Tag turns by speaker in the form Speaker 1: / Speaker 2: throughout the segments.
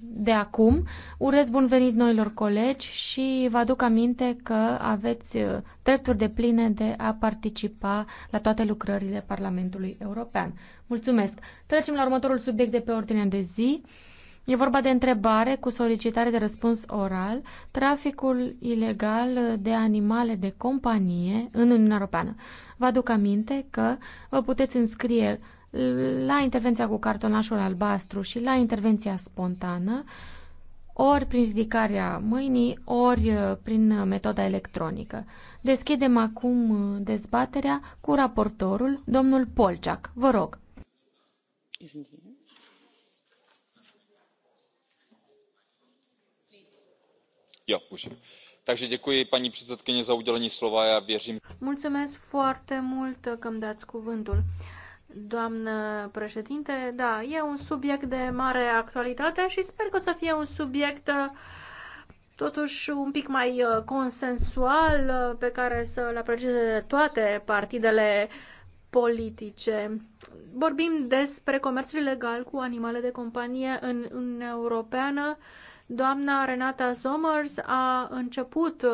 Speaker 1: de acum. Urez bun venit noilor colegi și vă aduc aminte că aveți uh, drepturi de pline de a participa la toate lucrările Parlamentului European. Mulțumesc! Trecem la următorul subiect de pe ordinea de zi. E vorba de întrebare cu solicitare de răspuns oral, traficul ilegal de animale de companie în Uniunea Europeană. Vă aduc aminte că vă puteți înscrie la intervenția cu cartonașul albastru și la intervenția spontană, ori prin ridicarea mâinii, ori uh, prin metoda electronică. Deschidem acum uh, dezbaterea cu raportorul, domnul Polciac. Vă rog.
Speaker 2: Ja, pușim. Takže děkuji paní předsedkyně za udělení slova. Já věřím.
Speaker 3: Mulțumesc foarte mult că mi dați cuvântul. Uh, Doamnă președinte, da, e un subiect de mare actualitate și sper că o să fie un subiect uh, totuși un pic mai uh, consensual uh, pe care să-l aprecieze toate partidele politice. Vorbim despre comerțul ilegal cu animale de companie în Uniunea Europeană. Doamna Renata Somers a început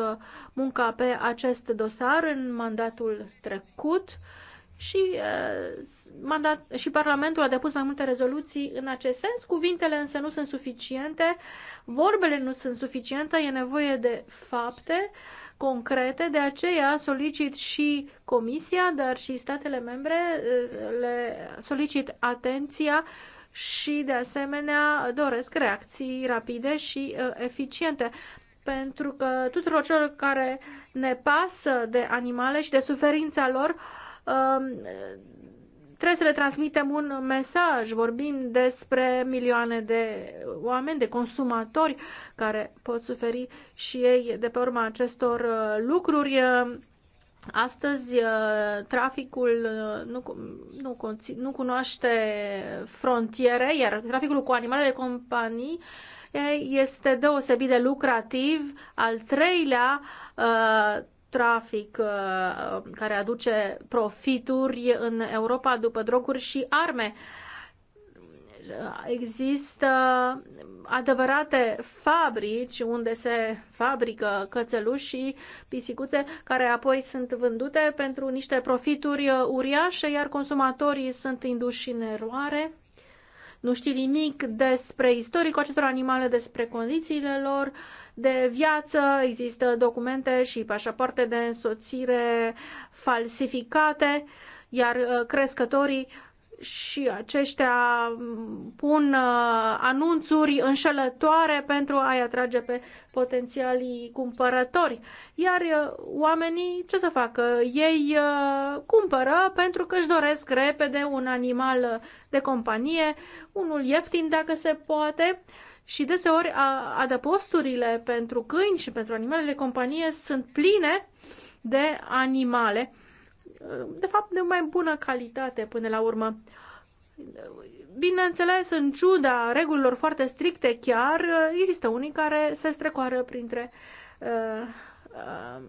Speaker 3: munca pe acest dosar în mandatul trecut. Uh, și, uh, mandat, și Parlamentul a depus mai multe rezoluții în acest sens. Cuvintele însă nu sunt suficiente, vorbele nu sunt suficiente, e nevoie de fapte concrete, de aceea solicit și Comisia, dar și statele membre, uh, le solicit atenția și, de asemenea, doresc reacții rapide și uh, eficiente pentru că tuturor celor care ne pasă de animale și de suferința lor Um, trebuie să le transmitem un mesaj. Vorbim despre milioane de oameni, de consumatori care pot suferi și ei de pe urma acestor uh, lucruri. Astăzi uh, traficul uh, nu, nu, nu cunoaște frontiere, iar traficul cu animale de companii este deosebit de lucrativ. Al treilea trafic uh, um, care aduce profituri în Europa după droguri și arme. Uh, există adevărate fabrici unde se fabrică cățeluși și pisicuțe care apoi sunt vândute pentru niște profituri uh, uriașe, iar consumatorii sunt induși în eroare nu știi nimic despre istoricul acestor animale, despre condițiile lor de viață, există documente și pașapoarte de însoțire falsificate, iar uh, crescătorii și aceștia pun uh, anunțuri înșelătoare pentru a-i atrage pe potențialii cumpărători. Iar uh, oamenii ce să facă? Ei uh, cumpără pentru că își doresc repede un animal de companie, unul ieftin dacă se poate, și deseori adăposturile pentru câini și pentru animalele de companie sunt pline de animale de fapt, de mai bună calitate până la urmă. Bineînțeles, în ciuda regulilor foarte stricte chiar, există unii care se strecoară printre uh, uh,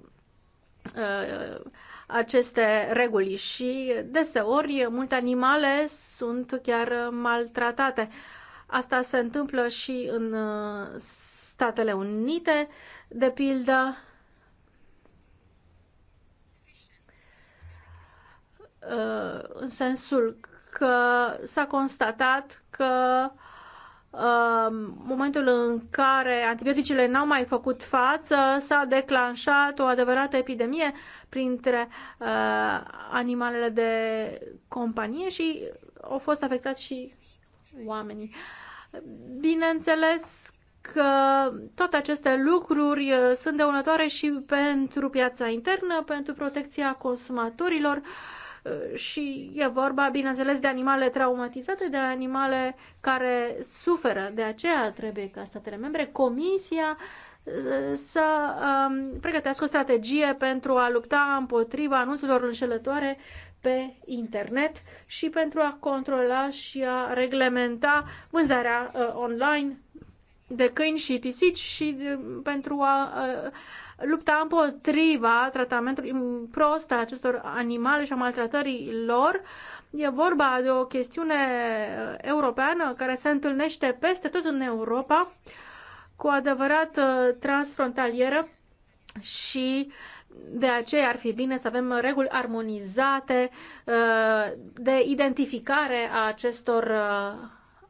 Speaker 3: uh, aceste reguli și deseori multe animale sunt chiar maltratate. Asta se întâmplă și în uh, Statele Unite, de pildă, Uh, în sensul că s-a constatat că în uh, momentul în care antibioticele n-au mai făcut față, s-a declanșat o adevărată epidemie printre uh, animalele de companie și au fost afectați și oamenii. Bineînțeles că toate aceste lucruri sunt dăunătoare și pentru piața internă, pentru protecția consumatorilor. Uh, și e vorba, bineînțeles, de animale traumatizate, de animale care suferă. De aceea trebuie ca statele membre, Comisia, să um, pregătească o strategie pentru a lupta împotriva anunțurilor înșelătoare pe internet și pentru a controla și a reglementa vânzarea uh, online de câini și pisici și pentru a lupta împotriva tratamentului mm, prost al acestor animale și a maltratării lor. E vorba de o chestiune europeană care se întâlnește peste tot în Europa, cu adevărat transfrontalieră și de aceea ar fi bine să avem reguli armonizate de identificare a acestor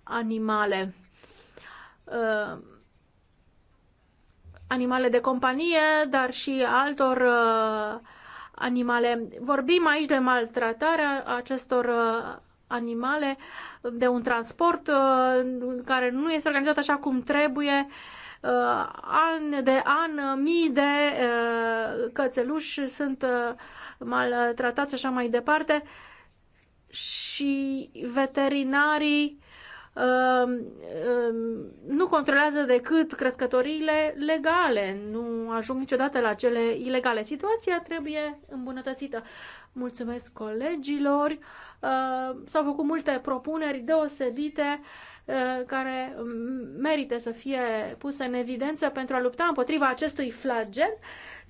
Speaker 3: animale uh, animale de companie, dar și altor uh, animale. Vorbim aici de maltratarea acestor uh, animale, de un transport uh, care nu este organizat așa cum trebuie. Uh, an de an, mii de uh, cățeluși sunt uh, maltratați așa mai departe și veterinarii Ehm, ehm, nu controlează decât crescătorile legale, nu ajung niciodată la cele ilegale. Situația trebuie îmbunătățită. Mulțumesc colegilor, ehm, s-au făcut multe propuneri deosebite care merită să fie puse în evidență pentru a lupta împotriva acestui flagel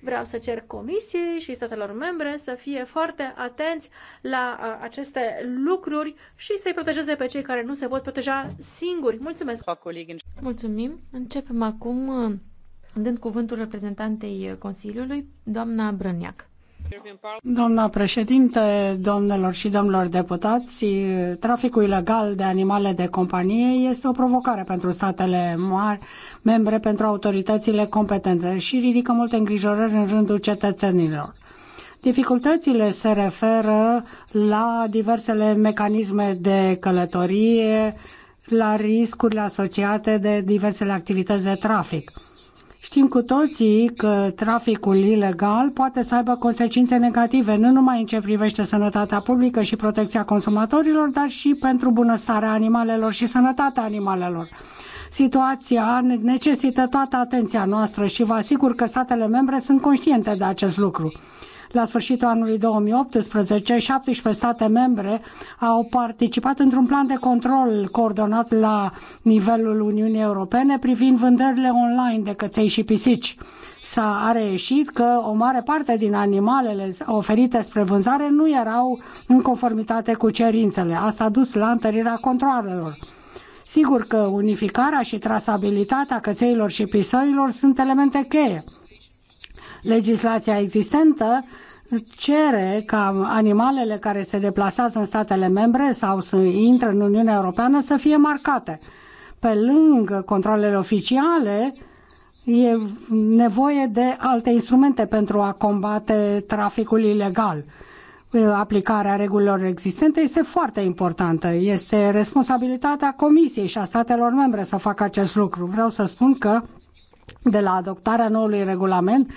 Speaker 3: Vreau să cer comisiei și statelor membre să fie foarte atenți la aceste
Speaker 1: lucruri și să-i protejeze pe cei care nu se pot proteja singuri. Mulțumesc! Mulțumim! Începem acum dând cuvântul reprezentantei Consiliului, doamna Brăniac.
Speaker 4: Doamna președinte, domnilor și domnilor deputați, traficul ilegal de animale de companie este o provocare pentru statele mari, membre, pentru autoritățile competente și ridică multe îngrijorări în rândul cetățenilor. Dificultățile se referă la diversele mecanisme de călătorie, la riscurile asociate de diversele activități de trafic Știm cu toții că traficul ilegal poate să aibă consecințe negative, nu numai în ce privește sănătatea publică și protecția consumatorilor, dar și pentru bunăstarea animalelor și sănătatea animalelor. Situația necesită toată atenția noastră și vă asigur că statele membre sunt conștiente de acest lucru. La sfârșitul anului 2018, 17 state membre au participat într-un plan de control coordonat la nivelul Uniunii Europene privind vânzările online de căței și pisici. S-a reieșit că o mare parte din animalele oferite spre vânzare nu erau în conformitate cu cerințele. Asta a dus la întărirea controalelor. Sigur că unificarea și trasabilitatea cățeilor și pisoilor sunt elemente cheie Legislația existentă cere ca animalele care se deplasează în statele membre sau să intre în Uniunea Europeană să fie marcate. Pe lângă controlele oficiale, e nevoie de alte instrumente pentru a combate traficul ilegal. Aplicarea regulilor existente este foarte importantă. Este responsabilitatea Comisiei și a statelor membre să facă acest lucru. Vreau să spun că de la adoptarea noului regulament,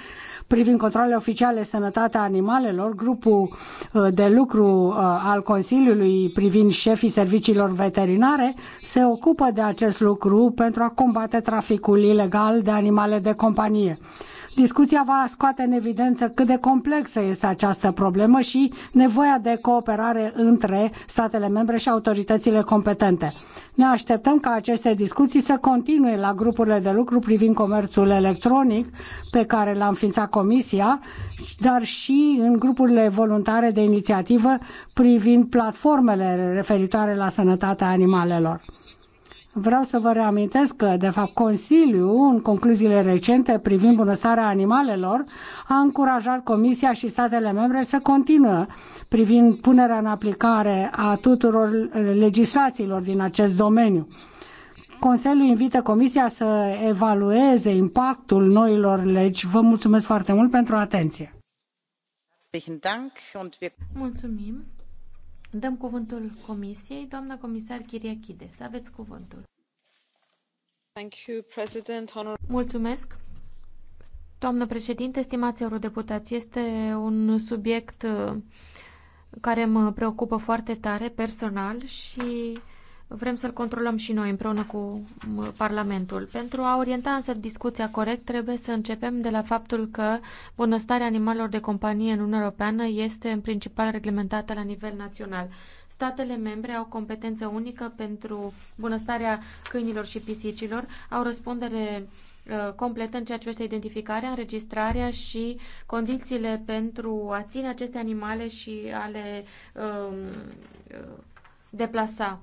Speaker 4: privind controlele oficiale sănătatea animalelor, grupul uh, de lucru uh, al Consiliului privind șefii serviciilor veterinare se ocupă de acest lucru pentru a combate traficul ilegal de animale de companie. Discuția va scoate în evidență cât de complexă este această problemă și nevoia de cooperare între statele membre și autoritățile competente. Ne așteptăm ca aceste discuții să continue la grupurile de lucru privind comerțul electronic pe care l-a înființat Comisia, dar și în grupurile voluntare de inițiativă privind platformele referitoare la sănătatea animalelor. Vreau să vă reamintesc că, de fapt, Consiliul, în concluziile recente privind bunăstarea animalelor, a încurajat Comisia și statele membre să continue privind punerea în aplicare a tuturor legislațiilor din acest domeniu. Consiliul invită Comisia să evalueze impactul noilor legi. Vă mulțumesc foarte mult pentru atenție.
Speaker 1: Mulțumim. Dăm cuvântul Comisiei. Doamna comisar Chiriachides, aveți cuvântul. Thank you, President. Honor... Mulțumesc. Doamnă președinte, stimați eurodeputați, este un subiect uh, care mă preocupă foarte tare personal și vrem să-l controlăm și noi împreună cu Parlamentul. Pentru a orienta însă discuția corect, trebuie să începem de la faptul că bunăstarea animalelor de companie în Uniunea Europeană este în principal reglementată la nivel național. Statele membre au competență unică pentru bunăstarea câinilor și pisicilor, au răspundere uh, completă în ceea ce privește identificarea, înregistrarea și condițiile pentru a ține aceste animale și a le um, uh, deplasa.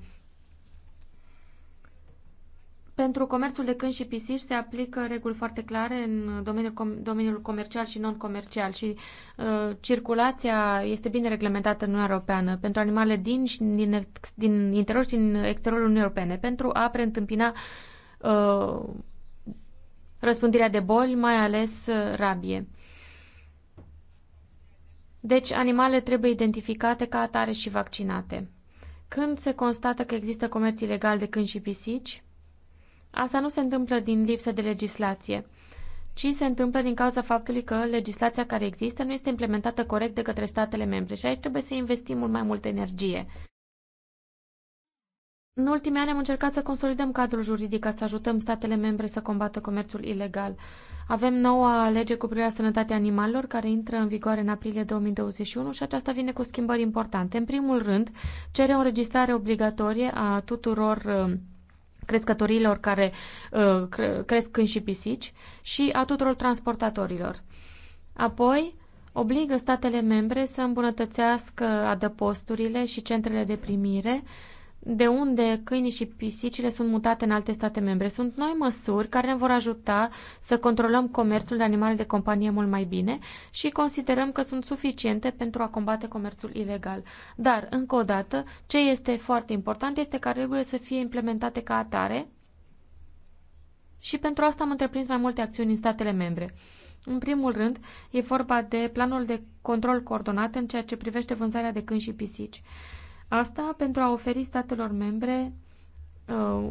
Speaker 1: Pentru comerțul de câini și pisici se aplică reguli foarte clare în domeniul, com- domeniul comercial și non-comercial și uh, circulația este bine reglementată în Uniunea Europeană pentru animale din, și din, ex- din interior și din exteriorul Uniunii Europene pentru a preîntâmpina uh, răspândirea de boli, mai ales uh, rabie. Deci, animale trebuie identificate ca atare și vaccinate. Când se constată că există comerț ilegal de câini și pisici, Asta nu se întâmplă din lipsă de legislație, ci se întâmplă din cauza faptului că legislația care există nu este implementată corect de către statele membre și aici trebuie să investim mult mai multă energie. În ultimii ani am încercat să consolidăm cadrul juridic ca să ajutăm statele membre să combată comerțul ilegal. Avem noua lege cu privire la sănătatea animalelor care intră în vigoare în aprilie 2021 și aceasta vine cu schimbări importante. În primul rând, cere o înregistrare obligatorie a tuturor um, crescătorilor care uh, cresc câini și pisici și a tuturor transportatorilor. Apoi, obligă statele membre să îmbunătățească adăposturile și centrele de primire de unde câinii și pisicile sunt mutate în alte state membre. Sunt noi măsuri care ne vor ajuta să controlăm comerțul de animale de companie mult mai bine și considerăm că sunt suficiente pentru a combate comerțul ilegal. Dar, încă o dată, ce este foarte important este ca regulile să fie implementate ca atare și pentru asta am întreprins mai multe acțiuni în statele membre. În primul rând, e vorba de planul de control coordonat în ceea ce privește vânzarea de câini și pisici. Asta pentru a oferi statelor membre uh,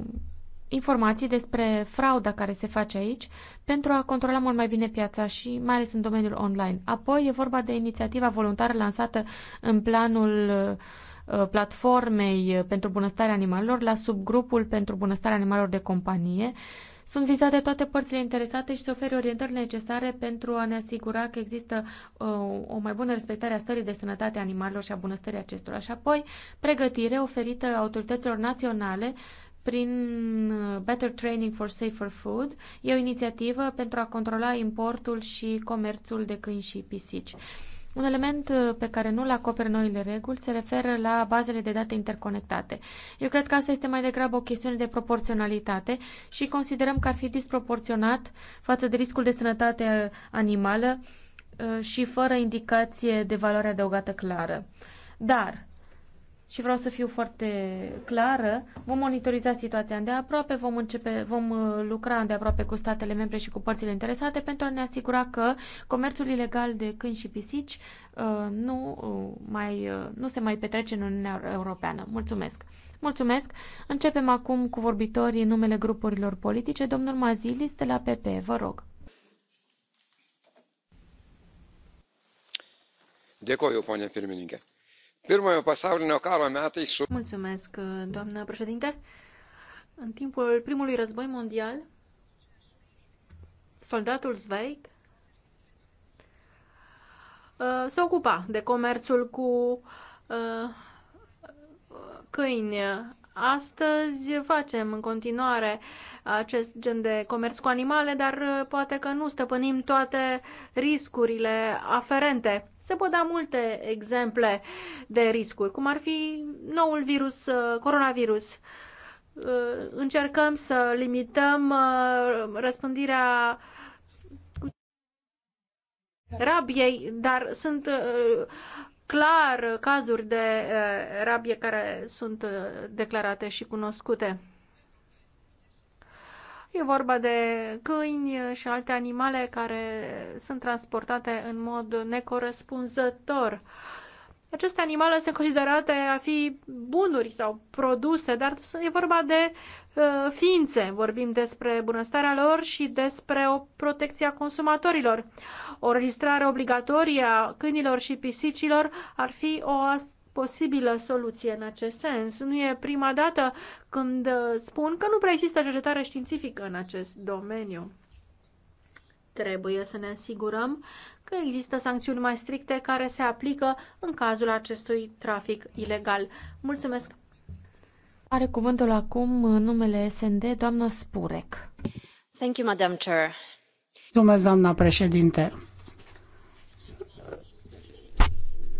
Speaker 1: informații despre frauda care se face aici pentru a controla mult mai bine piața și mai ales în domeniul online. Apoi e vorba de inițiativa voluntară lansată în planul uh, platformei pentru bunăstarea animalelor la subgrupul pentru bunăstarea animalelor de companie uh, sunt vizate toate părțile interesate și se oferă orientări necesare pentru a ne asigura că există uh, o mai bună respectare a stării de sănătate a animalelor și a bunăstării acestora. Și apoi, pregătire oferită autorităților naționale prin uh, Better Training for Safer Food. E o inițiativă pentru a controla importul și comerțul de câini și pisici. Uh, un element uh, pe care nu-l acoperă noile reguli se referă la bazele de date interconectate. Eu cred că asta este mai degrabă o chestiune de proporționalitate și considerăm că ar fi disproporționat față de riscul de sănătate uh, animală uh, și fără indicație de valoare adăugată clară. Dar și vreau să fiu foarte clară, vom monitoriza situația îndeaproape, vom, începe, vom uh, lucra îndeaproape cu statele membre și cu părțile interesate pentru a ne asigura că comerțul ilegal de câini și pisici uh, nu, uh, mai, nu se mai petrece în Uniunea Europeană. Mulțumesc! Mulțumesc! Începem acum cu vorbitorii în numele grupurilor politice. Domnul Mazilis de la PP, vă rog.
Speaker 3: Dėkoju, ponia pirmininkė Mulțumesc, doamnă președinte. În timpul primului război mondial, soldatul Zweig uh, se ocupa de comerțul cu uh, câini. Astăzi facem în continuare uh, acest gen de comerț cu animale, dar uh, poate că nu stăpânim toate riscurile aferente. Se pot da multe exemple de riscuri, cum ar fi noul virus, uh, coronavirus. Uh, încercăm să limităm răspândirea rabiei, dar sunt clar cazuri de rabie care sunt declarate și cunoscute. E vorba de câini și alte animale care sunt transportate în mod necorespunzător. Aceste animale sunt considerate a fi bunuri sau produse, dar e vorba de uh, ființe. Vorbim despre bunăstarea lor și despre o protecție a consumatorilor. O registrare obligatorie a câinilor și pisicilor ar fi o posibilă soluție în acest sens. Nu e prima dată când uh, spun că nu prea există cercetare științifică în acest domeniu. Trebuie să ne asigurăm că există sancțiuni mai stricte care se aplică în cazul acestui trafic ilegal.
Speaker 1: Mulțumesc! Are cuvântul acum numele SND, doamna Spurek.
Speaker 3: Thank you, Madam Chair.
Speaker 4: Mulțumesc, doamna președinte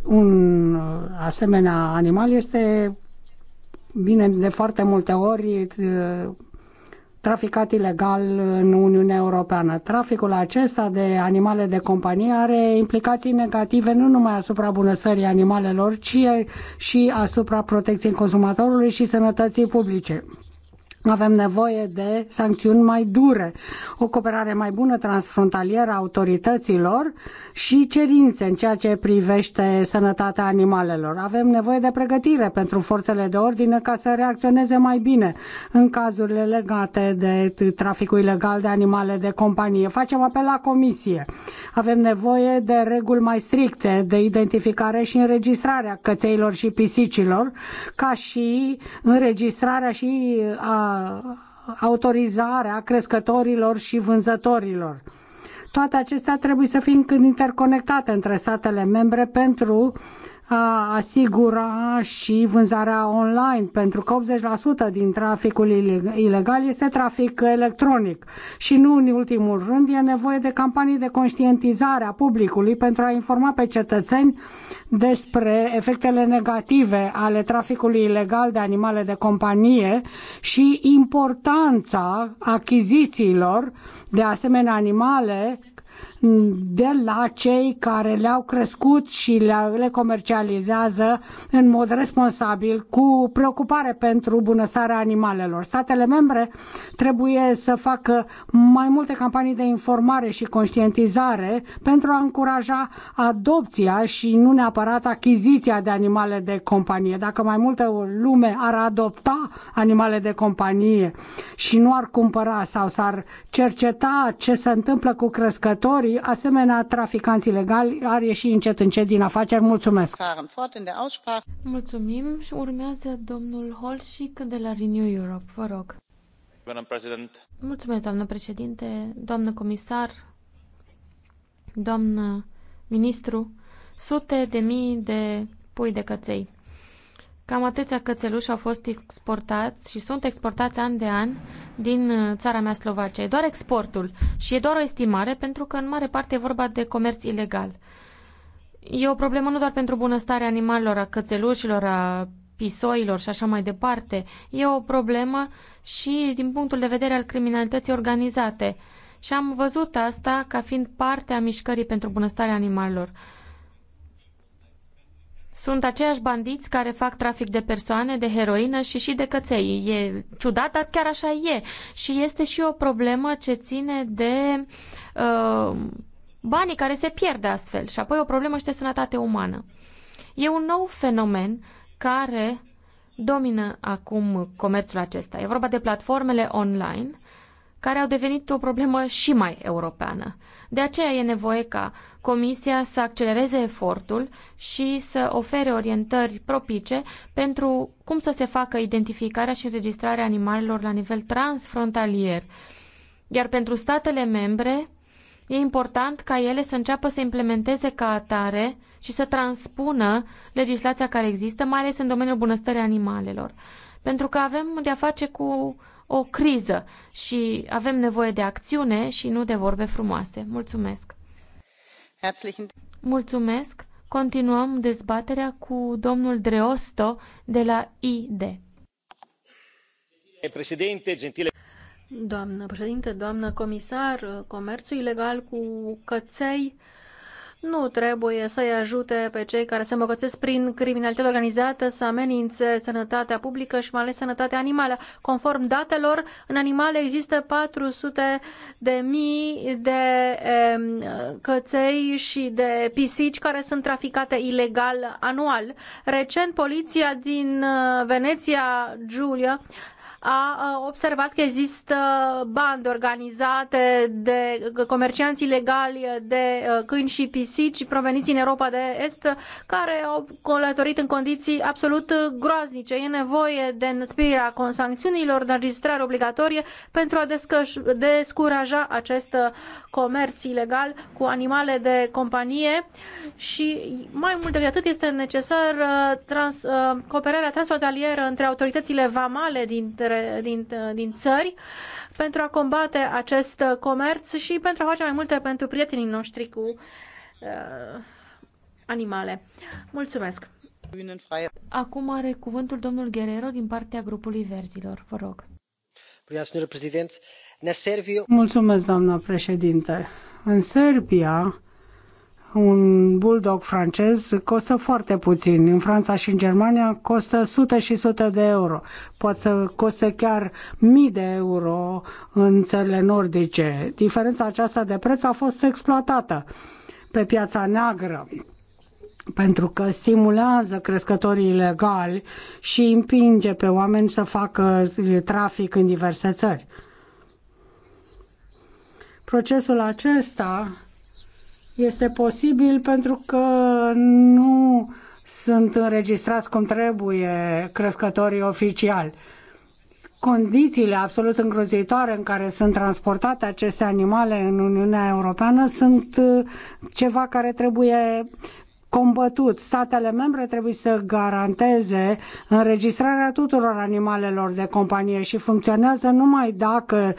Speaker 4: un uh, asemenea animal este bine de foarte multe ori uh, traficat ilegal în Uniunea Europeană. Traficul acesta de animale de companie are implicații negative nu numai asupra bunăstării animalelor, ci și asupra protecției consumatorului și sănătății publice. Avem nevoie de sancțiuni mai dure, o cooperare mai bună transfrontalieră a autorităților și cerințe în ceea ce privește sănătatea animalelor. Avem nevoie de pregătire pentru forțele de ordine ca să reacționeze mai bine în cazurile legate de traficul ilegal de animale de companie. Facem apel la comisie. Avem nevoie de reguli mai stricte de identificare și înregistrarea cățeilor și pisicilor, ca și înregistrarea și a autorizarea crescătorilor și vânzătorilor. Toate acestea trebuie să fie interconectate între statele membre pentru a asigura și vânzarea online, pentru că 80% din traficul ilegal este trafic electronic. Și nu în ultimul rând e nevoie de campanii de conștientizare a publicului pentru a informa pe cetățeni despre efectele negative ale traficului ilegal de animale de companie și importanța achizițiilor de asemenea animale de la cei care le-au crescut și le comercializează în mod responsabil cu preocupare pentru bunăstarea animalelor. Statele membre trebuie să facă mai multe campanii de informare și conștientizare pentru a încuraja adopția și nu neapărat achiziția de animale de companie. Dacă mai multă lume ar adopta animale de companie și nu ar cumpăra sau s-ar cerceta ce se întâmplă cu crescătorii, asemenea traficanți ilegali ar ieși încet încet din afaceri. Mulțumesc!
Speaker 1: Mulțumim și urmează domnul Holșic de la Renew Europe. Vă rog! Mulțumesc, doamnă președinte, doamnă comisar, doamnă ministru. Sute de mii de pui de căței Cam atâția cățeluși au fost exportați și sunt exportați an de an din uh, țara mea Slovacia. E doar exportul și e doar o estimare pentru că în mare parte e vorba de comerț ilegal. E o problemă nu doar pentru bunăstarea animalelor, a cățelușilor, a pisoilor și așa mai departe. E o problemă și din punctul de vedere al criminalității organizate. Și am văzut asta ca fiind parte a mișcării pentru bunăstarea animalelor sunt aceiași bandiți care fac trafic de persoane, de heroină și și de căței. E ciudat, dar chiar așa e. Și este și o problemă ce ține de uh, banii care se pierde astfel. Și apoi o problemă și de sănătate umană. E un nou fenomen care domină acum comerțul acesta. E vorba de platformele online uh, care au devenit o problemă și mai europeană. De aceea e nevoie ca Comisia să accelereze efortul și să ofere orientări propice pentru cum să se facă identificarea și înregistrarea animalelor la nivel transfrontalier. Iar pentru statele membre, e important ca ele să înceapă să implementeze ca atare și să transpună legislația care există, mai ales în domeniul bunăstării animalelor. Pentru că avem de-a face cu o criză și avem nevoie de acțiune și nu de vorbe frumoase. Mulțumesc! Mulțumesc! Continuăm dezbaterea cu domnul Dreosto de la ID.
Speaker 2: Președinte, gentile...
Speaker 1: Doamnă
Speaker 3: președinte, doamnă comisar, comerțul ilegal cu căței nu trebuie să-i ajute pe cei care se îmbogățesc prin criminalitate organizată să amenințe sănătatea publică și mai ales sănătatea animală. Conform datelor, în animale există 400 de mii de e, căței și de pisici care sunt traficate ilegal anual. Recent, poliția din uh, Veneția, Giulia, a observat că există bande organizate de comercianți ilegali de câini și pisici proveniți în Europa de Est care au călătorit în condiții absolut groaznice. E nevoie de înspirirea consancțiunilor, de înregistrare obligatorie pentru a descuraja acest comerț ilegal cu animale de companie și mai mult decât atât este necesar trans, cooperarea transfrontalieră între autoritățile vamale dintre dintre, din, din țări pentru a combate acest comerț și pentru a face mai multe pentru prietenii noștri cu uh,
Speaker 1: animale. Mulțumesc! Acum are cuvântul domnul Guerrero din partea grupului Verzilor. Vă rog.
Speaker 4: Mulțumesc, doamna președinte. În Serbia, un bulldog francez costă foarte puțin. În Franța și în Germania costă sute și sute de euro. Poate să coste chiar mii de euro în țările nordice. Diferența aceasta de preț a fost exploatată pe piața neagră pentru că stimulează crescătorii ilegali și împinge pe oameni să facă trafic în diverse țări. Procesul acesta este posibil pentru că nu sunt înregistrați cum trebuie crescătorii oficiali. Condițiile absolut îngrozitoare în care sunt transportate aceste animale în Uniunea Europeană sunt uh, ceva care trebuie combătut. Statele membre trebuie să garanteze înregistrarea tuturor animalelor de companie și funcționează numai dacă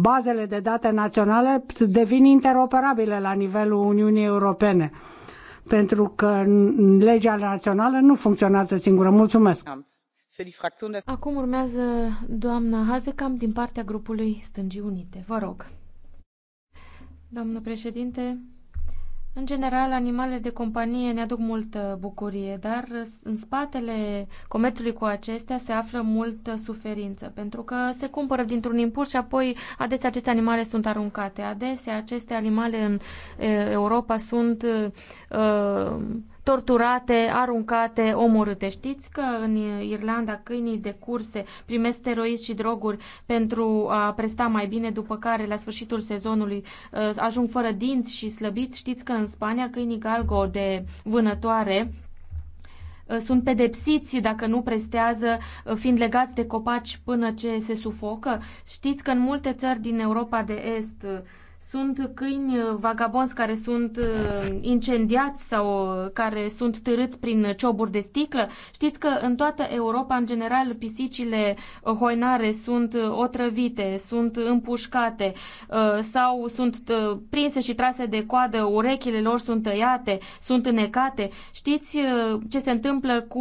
Speaker 4: bazele de date naționale devin interoperabile la nivelul Uniunii Europene. Pentru că legea națională nu funcționează singură. Mulțumesc!
Speaker 1: Acum urmează doamna Hazekam din partea grupului Stângii Unite. Vă rog. Doamnă președinte, în general, animalele de companie ne aduc multă bucurie, dar în spatele comerțului cu acestea se află multă suferință, pentru că se cumpără dintr-un impuls și apoi adesea aceste animale sunt aruncate. Adesea aceste animale în Europa sunt uh, torturate, aruncate, omorâte. Știți că în Irlanda câinii de curse primesc steroizi și droguri pentru a presta mai bine, după care la sfârșitul sezonului uh, ajung fără dinți și slăbiți. Știți că în Spania câinii galgo de vânătoare uh, sunt pedepsiți dacă nu prestează, uh, fiind legați de copaci până ce se sufocă. Știți că în multe țări din Europa de Est sunt câini uh, vagabonzi care sunt uh, incendiați sau uh, care sunt târâți prin cioburi de sticlă. Știți că în toată Europa, în general, pisicile hoinare sunt otrăvite, sunt împușcate sau sunt prinse și trase de coadă, urechile lor sunt tăiate, sunt înecate. Știți ce se întâmplă cu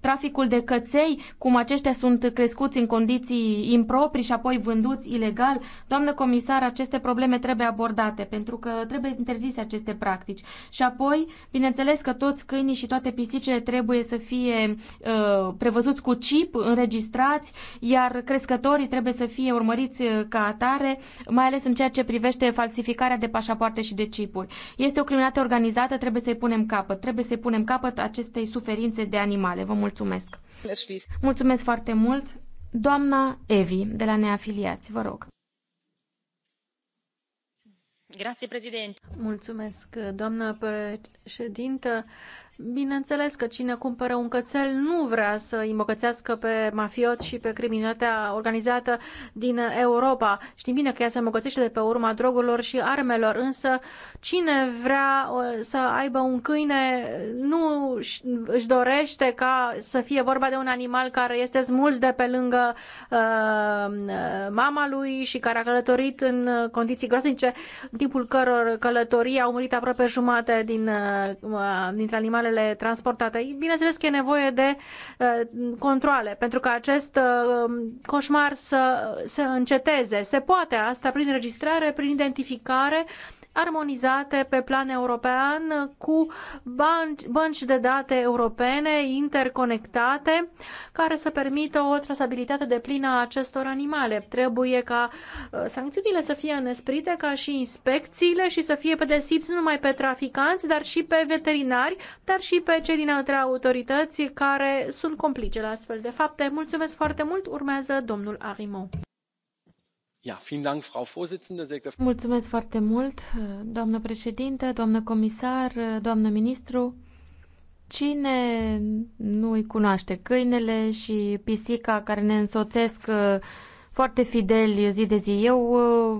Speaker 1: traficul de căței, cum aceștia sunt crescuți în condiții improprii și apoi vânduți ilegal? Doamnă comisar, aceste probleme trebuie trebuie abordate, pentru că trebuie interzise aceste practici. Și apoi, bineînțeles că toți câinii și toate pisicile trebuie să fie uh, prevăzuți cu chip, înregistrați, iar crescătorii trebuie să fie urmăriți uh, ca atare, mai ales în ceea ce privește falsificarea de pașapoarte și de chipuri. Este o criminalitate organizată, trebuie să-i punem capăt, trebuie să-i punem capăt acestei suferințe de animale. Vă mulțumesc! Mulțumesc foarte mult! Doamna Evi, de la Neafiliați, vă rog. Grazie,
Speaker 3: Mulțumesc, doamnă președintă. Bineînțeles că cine cumpără un cățel nu vrea să îi îmbogățească pe mafioți și pe criminalitatea organizată din Europa. Știm bine că ea se îmbogățește de pe urma drogurilor și armelor, însă cine vrea uh, să aibă un câine nu își dorește ca să fie vorba de un animal care este smuls de pe lângă uh, mama lui și care a călătorit în condiții groaznice, în timpul căror călătorii au murit aproape jumate din, uh, dintre animalele materialele transportate. Bineînțeles că e nevoie de uh, controle pentru ca acest uh, coșmar să, să înceteze. Se poate asta prin registrare, prin identificare, armonizate pe plan european cu bănci, bănci de date europene interconectate care să permită o trasabilitate de plină a acestor animale. Trebuie ca uh, sancțiunile să fie înăsprite ca și inspecțiile și să fie pedesiți nu numai pe traficanți, dar și pe veterinari, dar și pe cei din alte autorități care sunt complice la astfel
Speaker 1: de fapte. Mulțumesc foarte mult! Urmează domnul Arimo. Mulțumesc foarte mult, doamnă președintă, doamnă comisar, doamnă ministru. Cine nu îi cunoaște? Câinele și pisica care ne însoțesc foarte fideli zi de zi. Eu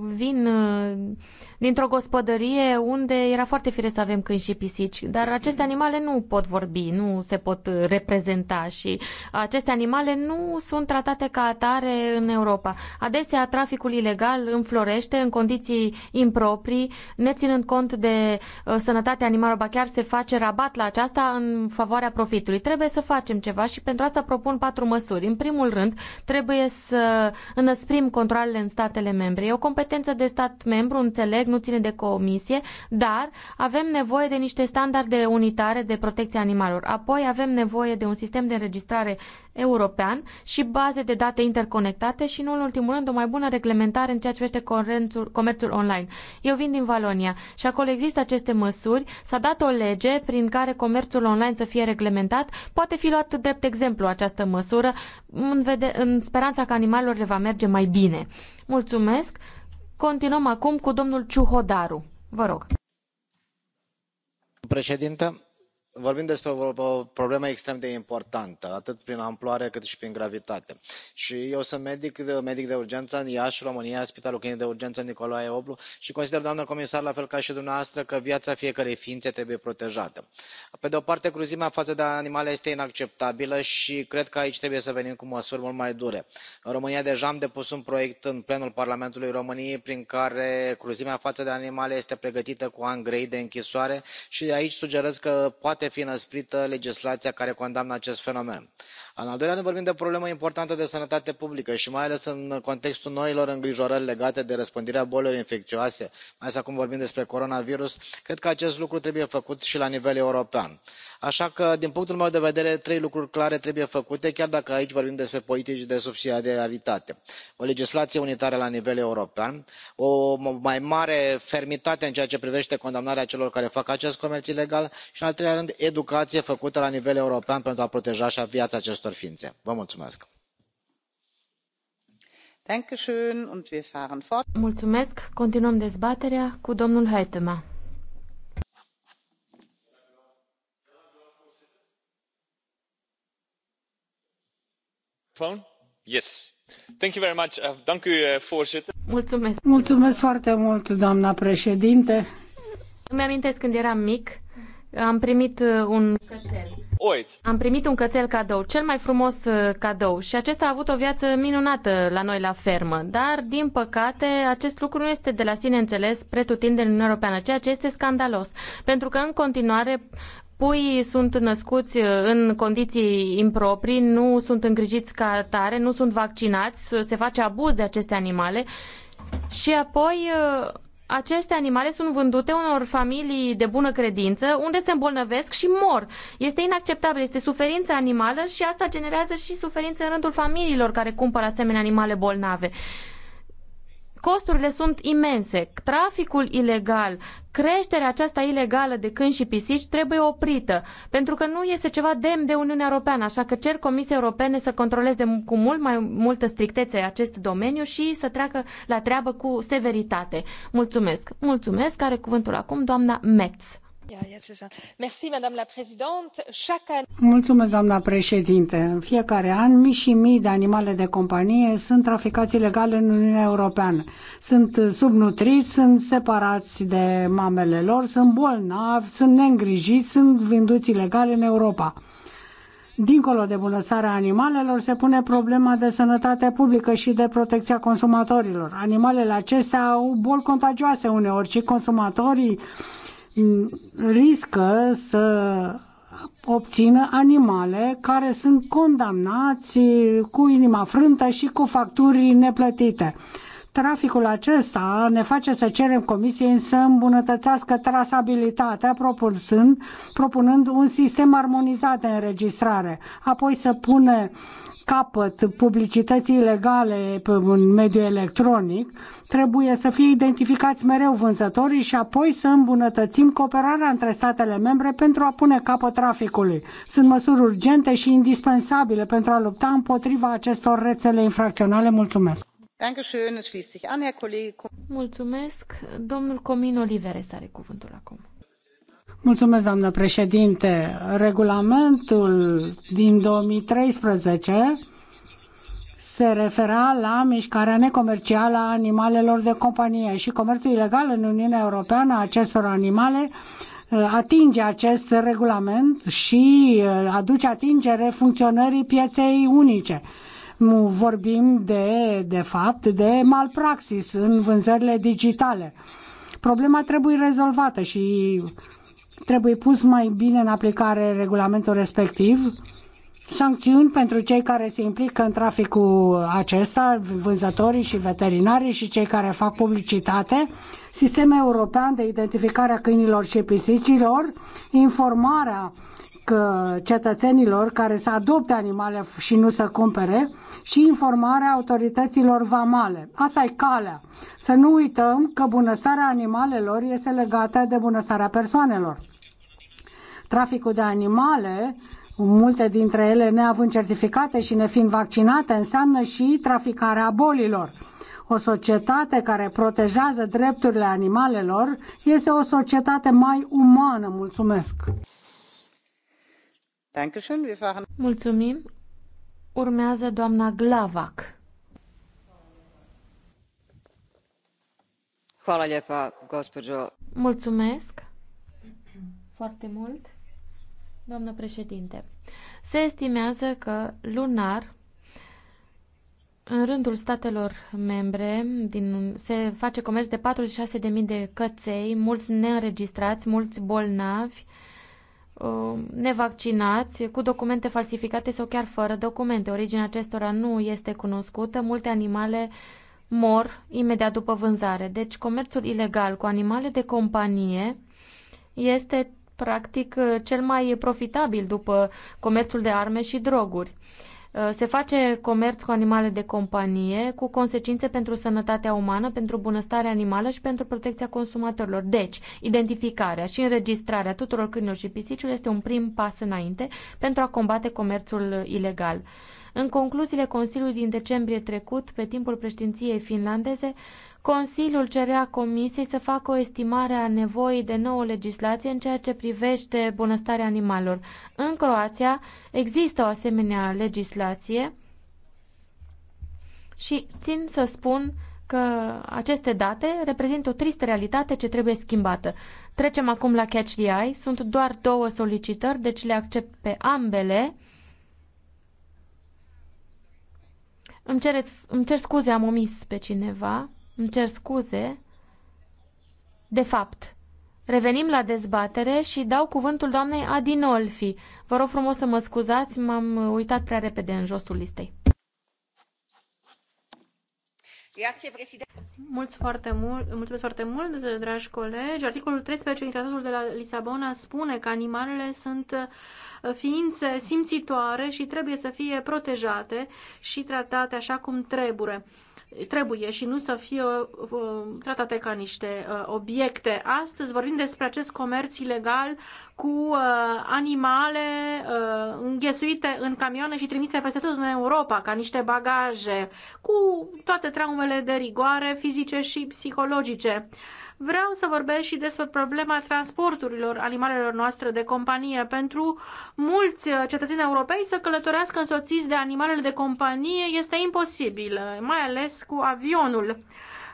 Speaker 1: uh, vin uh, dintr-o gospodărie unde era foarte firesc să avem câini și pisici, dar aceste animale nu pot vorbi, nu se pot reprezenta și aceste animale nu sunt tratate ca atare în Europa. Adesea traficul ilegal înflorește în condiții improprii, neținând cont de uh, sănătatea animalului, ba chiar se face rabat la aceasta în favoarea profitului. Trebuie să facem ceva și pentru asta propun patru măsuri. În primul rând, trebuie să înăsprim controlele în statele membre. E o competență de stat membru, înțeleg, nu ține de comisie, dar avem nevoie de niște standarde unitare de protecție animalelor. Apoi avem nevoie de un sistem de înregistrare european și baze de date interconectate și, nu în ultimul rând, o mai bună reglementare în ceea ce privește comerțul online. Eu vin din Valonia și acolo există aceste măsuri. S-a dat o lege prin care comerțul online să fie reglementat. Poate fi luat drept exemplu această măsură în, vede- în speranța că animalelor le va merge merge mai bine. Mulțumesc! Continuăm acum cu domnul Ciuhodaru. Vă rog.
Speaker 2: Președintă, vorbim despre o problemă extrem de importantă atât prin amploare cât și prin gravitate și eu sunt medic medic de urgență în iași românia spitalul clinic de urgență nicolae oblu și consider doamnă comisar la fel ca și dumneavoastră că viața fiecărei ființe trebuie protejată. pe de o parte cruzimea față de animale este inacceptabilă și cred că aici trebuie să venim cu măsuri mult mai dure. în românia deja am depus un proiect în plenul parlamentului româniei prin care cruzimea față de animale este pregătită cu ani grei de închisoare și aici sugerez că poate poate fi înăsprită legislația care condamnă acest fenomen în al doilea rând vorbim de o problemă importantă de sănătate publică și mai ales în contextul noilor îngrijorări legate de răspândirea bolilor infecțioase mai ales acum vorbim despre coronavirus cred că acest lucru trebuie făcut și la nivel european. așa că din punctul meu de vedere trei lucruri clare trebuie făcute chiar dacă aici vorbim despre politici de subsidiaritate o legislație unitară la nivel european o mai mare fermitate în ceea ce privește condamnarea celor care fac acest comerț ilegal și în al treilea rând educație făcută la nivel european pentru a proteja viața acestor ființe. vă mulțumesc.
Speaker 1: mulțumesc. continuăm dezbaterea cu domnul huitema.
Speaker 3: Yes. Thank you very much. Thank uh, you, uh,
Speaker 1: Mulțumesc.
Speaker 4: Mulțumesc foarte mult, doamna președinte. Îmi amintesc când eram mic,
Speaker 1: am primit uh, un cățel. Oiți. Am primit un cățel cadou, cel mai frumos uh, cadou și acesta a avut o viață minunată la noi la fermă, dar din păcate acest lucru nu este de la sine înțeles pretutindeni în Uniunea Europeană, ceea ce este scandalos, pentru că în continuare Pui sunt născuți uh, în condiții improprii, nu sunt îngrijiți ca tare, nu sunt vaccinați, se face abuz de aceste animale și apoi aceste animale sunt vândute unor familii de bună credință, unde se îmbolnăvesc și mor. Este inacceptabil, este suferință animală și asta generează și suferință în rândul familiilor care cumpără asemenea animale bolnave. Costurile sunt imense, traficul ilegal, creșterea aceasta ilegală de câini și pisici trebuie oprită, pentru că nu este ceva demn de Uniunea Europeană, așa că cer Comisiei Europene să controleze cu mult mai multă strictețe acest domeniu și să treacă la treabă cu severitate. Mulțumesc! Mulțumesc! Are cuvântul acum doamna Metz.
Speaker 4: Mulțumesc, președintă președinte. În fiecare an, mii și mii de animale de companie sunt traficați ilegal în Uniunea Europeană. Sunt subnutriți, sunt separați de mamele lor, sunt bolnavi, sunt neîngrijiți, sunt vânduți ilegal în Europa. Dincolo de bunăstarea animalelor se pune problema de sănătate publică și de protecția consumatorilor. Animalele acestea au boli contagioase uneori și consumatorii Mm, riscă să obțină animale care sunt condamnați cu inima frântă și cu facturi neplătite. Traficul acesta ne face să cerem Comisiei să îmbunătățească trasabilitatea, propunând un sistem armonizat de înregistrare, apoi să pune capăt publicității ilegale în mediul electronic, trebuie să fie identificați mereu vânzătorii și apoi să îmbunătățim cooperarea între statele membre pentru a pune capăt traficului. Sunt măsuri urgente și indispensabile pentru a lupta împotriva acestor rețele infracționale. Mulțumesc!
Speaker 1: Mulțumesc. Domnul Comin Oliveres are cuvântul acum.
Speaker 4: Mulțumesc, doamnă președinte. Regulamentul din 2013 se refera la mișcarea necomercială a animalelor de companie și comerțul ilegal în Uniunea Europeană a acestor animale uh, atinge acest regulament și uh, aduce atingere funcționării pieței unice. vorbim de, de fapt de malpraxis în vânzările digitale. Problema trebuie rezolvată și Trebuie pus mai bine în aplicare regulamentul respectiv, sancțiuni pentru cei care se implică în traficul acesta, vânzătorii și veterinarii și cei care fac publicitate, sistem european de identificare a câinilor și pisicilor, informarea că cetățenilor care să adopte animale și nu să cumpere și informarea autorităților vamale. Asta e calea. Să nu uităm că bunăstarea animalelor este legată de bunăstarea persoanelor traficul de animale, multe dintre ele neavând certificate și nefiind vaccinate, înseamnă și traficarea bolilor. O societate care protejează drepturile animalelor este o societate mai umană. Mulțumesc!
Speaker 1: Mulțumim! Urmează doamna Glavac. Mulțumesc foarte mult. Doamnă președinte, se estimează că lunar în rândul statelor membre din, se face comerț de 46.000 de căței, mulți neînregistrați, mulți bolnavi, uh, nevaccinați, cu documente falsificate sau chiar fără documente. Originea acestora nu este cunoscută, multe animale mor imediat după vânzare. Deci comerțul ilegal cu animale de companie este practic uh, cel mai profitabil după comerțul de arme și droguri. Uh, se face comerț cu animale de companie, cu consecințe pentru sănătatea umană, pentru bunăstarea animală și pentru protecția consumatorilor. Deci, identificarea și înregistrarea tuturor câinilor și pisicilor este un prim pas înainte pentru a combate comerțul ilegal. În concluziile Consiliului din decembrie trecut, pe timpul președinției finlandeze, Consiliul cerea Comisiei să facă o estimare a nevoii de nouă legislație în ceea ce privește bunăstarea animalelor. În Croația există o asemenea legislație și țin să spun că aceste date reprezintă o tristă realitate ce trebuie schimbată. Trecem acum la Catch the Eye. Sunt doar două solicitări, deci le accept pe ambele. Îmi, cereți, îmi cer scuze, am omis pe cineva. Îmi cer scuze. De fapt, revenim la dezbatere și dau cuvântul doamnei Adinolfi. Vă rog frumos să mă scuzați, m-am uitat prea repede în josul listei.
Speaker 3: Mulțumesc foarte, mult, mulțumesc foarte mult, dragi colegi. Articolul 13 din Tratatul de la Lisabona spune că animalele sunt uh, ființe simțitoare și trebuie să fie protejate și tratate așa cum trebuie trebuie și nu să fie uh, tratate ca niște uh, obiecte. Astăzi vorbim despre acest comerț ilegal cu uh, animale înghesuite în camioane și trimise peste tot în Europa ca niște bagaje, cu toate traumele de rigoare fizice și psihologice. Vreau să vorbesc și despre problema transporturilor animalelor noastre de companie. Pentru mulți cetățeni europei să călătorească însoțiți de animalele de companie este imposibil, mai ales cu avionul.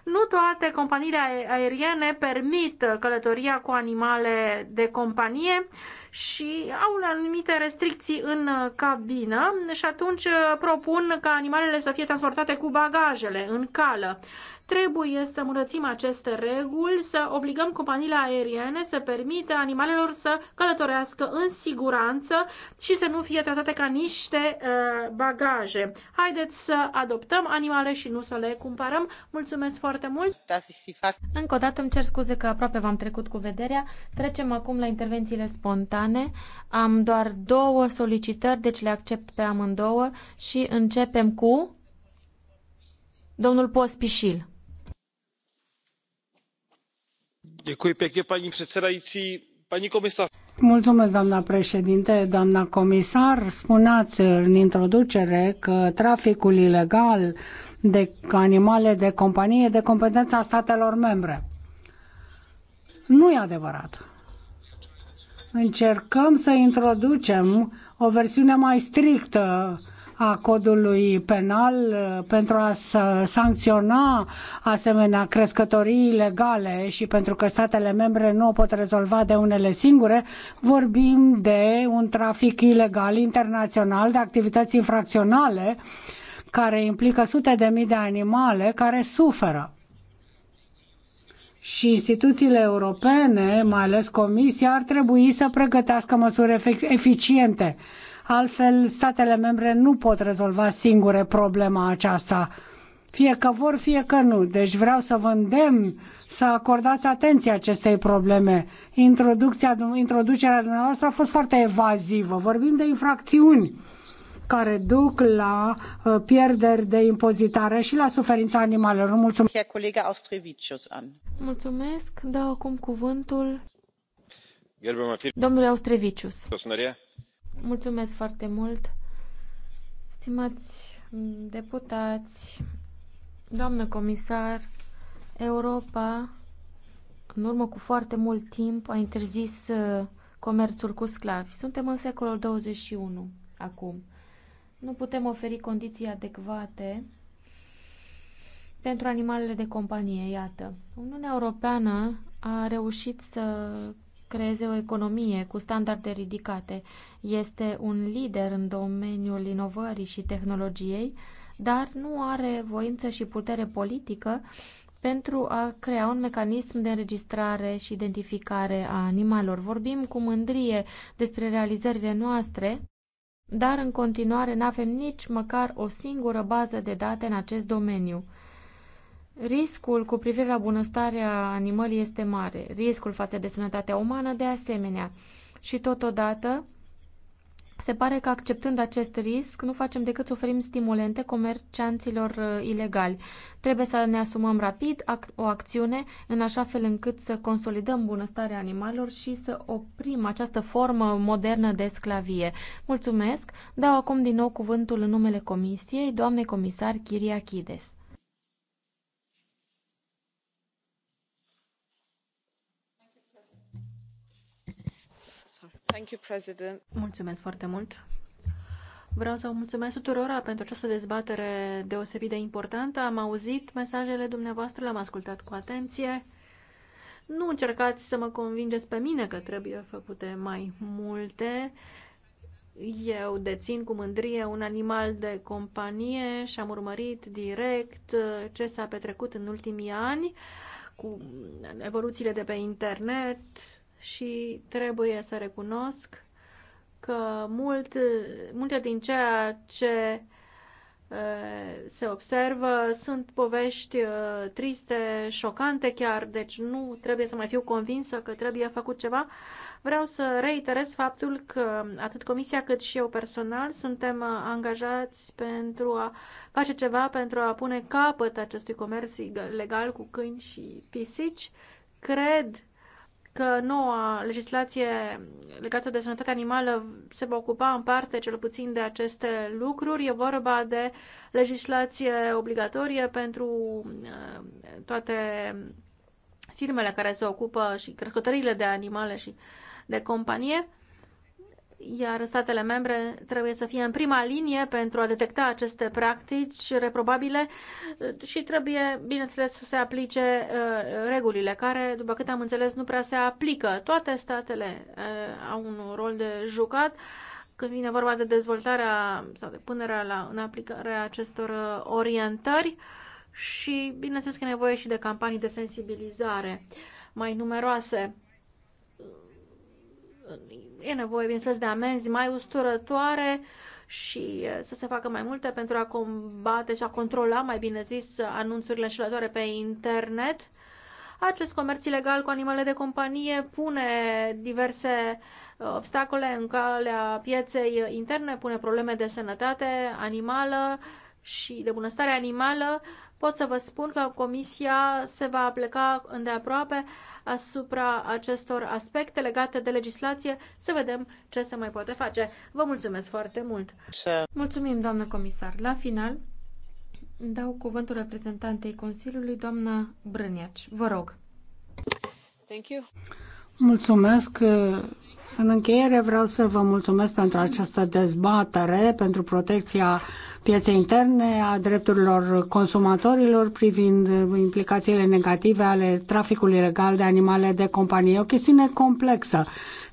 Speaker 3: Nu toate companiile aeriene permit călătoria cu animale de companie și au anumite restricții în cabină și atunci propun ca animalele să fie transportate cu bagajele în cală. Trebuie să murățim aceste reguli, să obligăm companiile aeriene să permită animalelor să călătorească în siguranță și să nu fie tratate ca niște uh, bagaje. Haideți să adoptăm animale și nu să le cumpărăm. Mulțumesc foarte mult!
Speaker 1: Încă o dată îmi cer scuze că aproape v-am trecut cu vederea. Trecem acum la intervențiile spontane. Am doar două solicitări, deci le accept pe amândouă și începem cu domnul Pospișil.
Speaker 2: Mulțumesc,
Speaker 4: președintă președinte, comisar. Spuneați în introducere că traficul ilegal de animale de companie de competența statelor membre. Nu e adevărat. Încercăm să introducem o versiune mai strictă a codului penal uh, pentru a sancționa asemenea crescătorii ilegale și pentru că statele membre nu o pot rezolva de unele singure, vorbim de un trafic ilegal internațional de activități infracționale care implică sute de mii de animale care suferă și instituțiile europene, mai ales Comisia, ar trebui să pregătească măsuri eficiente altfel statele membre nu pot rezolva singure problema aceasta fie că vor, fie că nu. Deci vreau să vă îndemn să acordați atenție acestei probleme. Introducția, introducerea dumneavoastră a fost foarte evazivă. Vorbim de infracțiuni care duc la uh, pierderi de impozitare și la suferința animalelor. Mulțumesc.
Speaker 1: Mulțumesc. Dau acum cuvântul domnului Austrevicius. Mulțumesc foarte mult, stimați deputați, doamnă comisar, Europa, în urmă cu foarte mult timp, a interzis uh, comerțul cu sclavi. Suntem în secolul 21 acum. Nu putem oferi condiții adecvate pentru animalele de companie, iată. Uniunea Europeană a reușit să creeze o economie cu standarde ridicate. Este un lider în domeniul inovării și tehnologiei, dar nu are voință și putere politică pentru a crea un mecanism de înregistrare și identificare a animalelor. Vorbim cu mândrie despre realizările noastre, dar în continuare nu avem nici măcar o singură bază de date în acest domeniu. Riscul cu privire la bunăstarea animălii este mare, riscul față de sănătatea umană de asemenea. Și totodată, se pare că acceptând acest risc, nu facem decât să oferim stimulente comercianților uh, ilegali. Trebuie să ne asumăm rapid o acțiune în așa fel încât să consolidăm bunăstarea animalelor și să oprim această formă modernă de sclavie. Mulțumesc! Dau acum din nou cuvântul în numele Comisiei, doamne comisar Chides.
Speaker 3: Mulțumesc foarte mult. Vreau să vă mulțumesc tuturora pentru această dezbatere deosebit de importantă. Am auzit mesajele dumneavoastră, le-am ascultat cu atenție. Nu încercați să mă convingeți pe mine că trebuie făcute mai multe. Eu dețin cu mândrie un animal de companie și am urmărit direct ce s-a petrecut în ultimii ani cu evoluțiile de pe internet, și trebuie să recunosc că mult, multe din ceea ce uh, se observă sunt povești uh, triste, șocante chiar, deci nu trebuie să mai fiu convinsă că trebuie făcut ceva. Vreau să reiterez faptul că atât comisia cât și eu personal suntem uh, angajați pentru a face ceva, pentru a pune capăt acestui comerț legal cu câini și pisici. Cred că noua legislație legată de sănătatea animală se va ocupa în parte, cel puțin, de aceste lucruri. E vorba de legislație obligatorie pentru uh, toate firmele care se ocupă și crescătările de animale și de companie iar statele membre trebuie să fie în prima linie pentru a detecta aceste practici reprobabile și trebuie, bineînțeles, să se aplice uh, regulile care, după cât am înțeles, nu prea se aplică. Toate statele uh, au un rol de jucat când vine vorba de dezvoltarea sau de punerea la, în aplicare a acestor uh, orientări și, bineînțeles, că e nevoie și de campanii de sensibilizare mai numeroase e nevoie, bineînțeles, de amenzi mai usturătoare și să se facă mai multe pentru a combate și a controla, mai bine zis, anunțurile înșelătoare pe internet. Acest comerț ilegal cu animale de companie pune diverse obstacole în calea pieței interne, pune probleme de sănătate animală și de bunăstare animală pot să vă spun că Comisia se va pleca îndeaproape asupra acestor aspecte legate de legislație să
Speaker 1: vedem ce se mai poate face. Vă mulțumesc foarte mult! Mulțumim, doamnă comisar! La final, dau cuvântul reprezentantei Consiliului, doamna Brâniaci. Vă rog! Thank you.
Speaker 4: Mulțumesc. În încheiere vreau să vă mulțumesc pentru această dezbatere, pentru protecția pieței interne, a drepturilor consumatorilor privind implicațiile negative ale traficului legal de animale de companie. O chestiune complexă.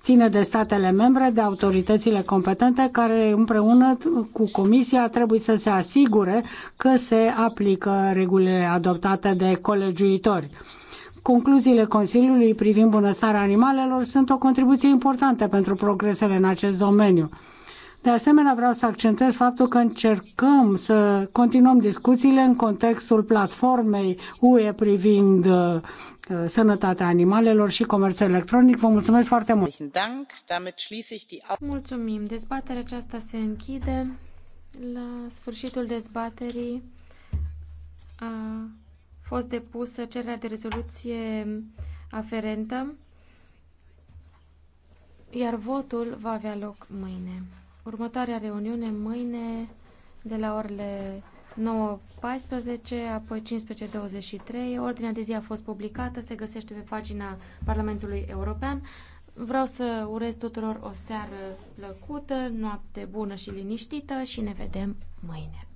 Speaker 4: Ține de statele membre, de autoritățile competente care împreună cu Comisia trebuie să se asigure că se aplică regulile adoptate de colegiuitori Concluziile Consiliului privind bunăstarea animalelor sunt o contribuție importantă pentru progresele în acest domeniu. De asemenea, vreau să accentuez faptul că încercăm să continuăm discuțiile în contextul platformei UE privind uh, uh, sănătatea animalelor și comerțul electronic. Vă mulțumesc foarte mult!
Speaker 1: Mulțumim! Dezbaterea aceasta se închide. La sfârșitul dezbaterii a uh, fost depusă cererea de rezoluție aferentă, iar votul va avea loc mâine. Următoarea reuniune mâine de la orele 9.14, apoi 15.23. Ordinea de zi a fost publicată, se găsește pe pagina Parlamentului European. Vreau să urez tuturor o seară plăcută, noapte bună și liniștită și ne vedem mâine.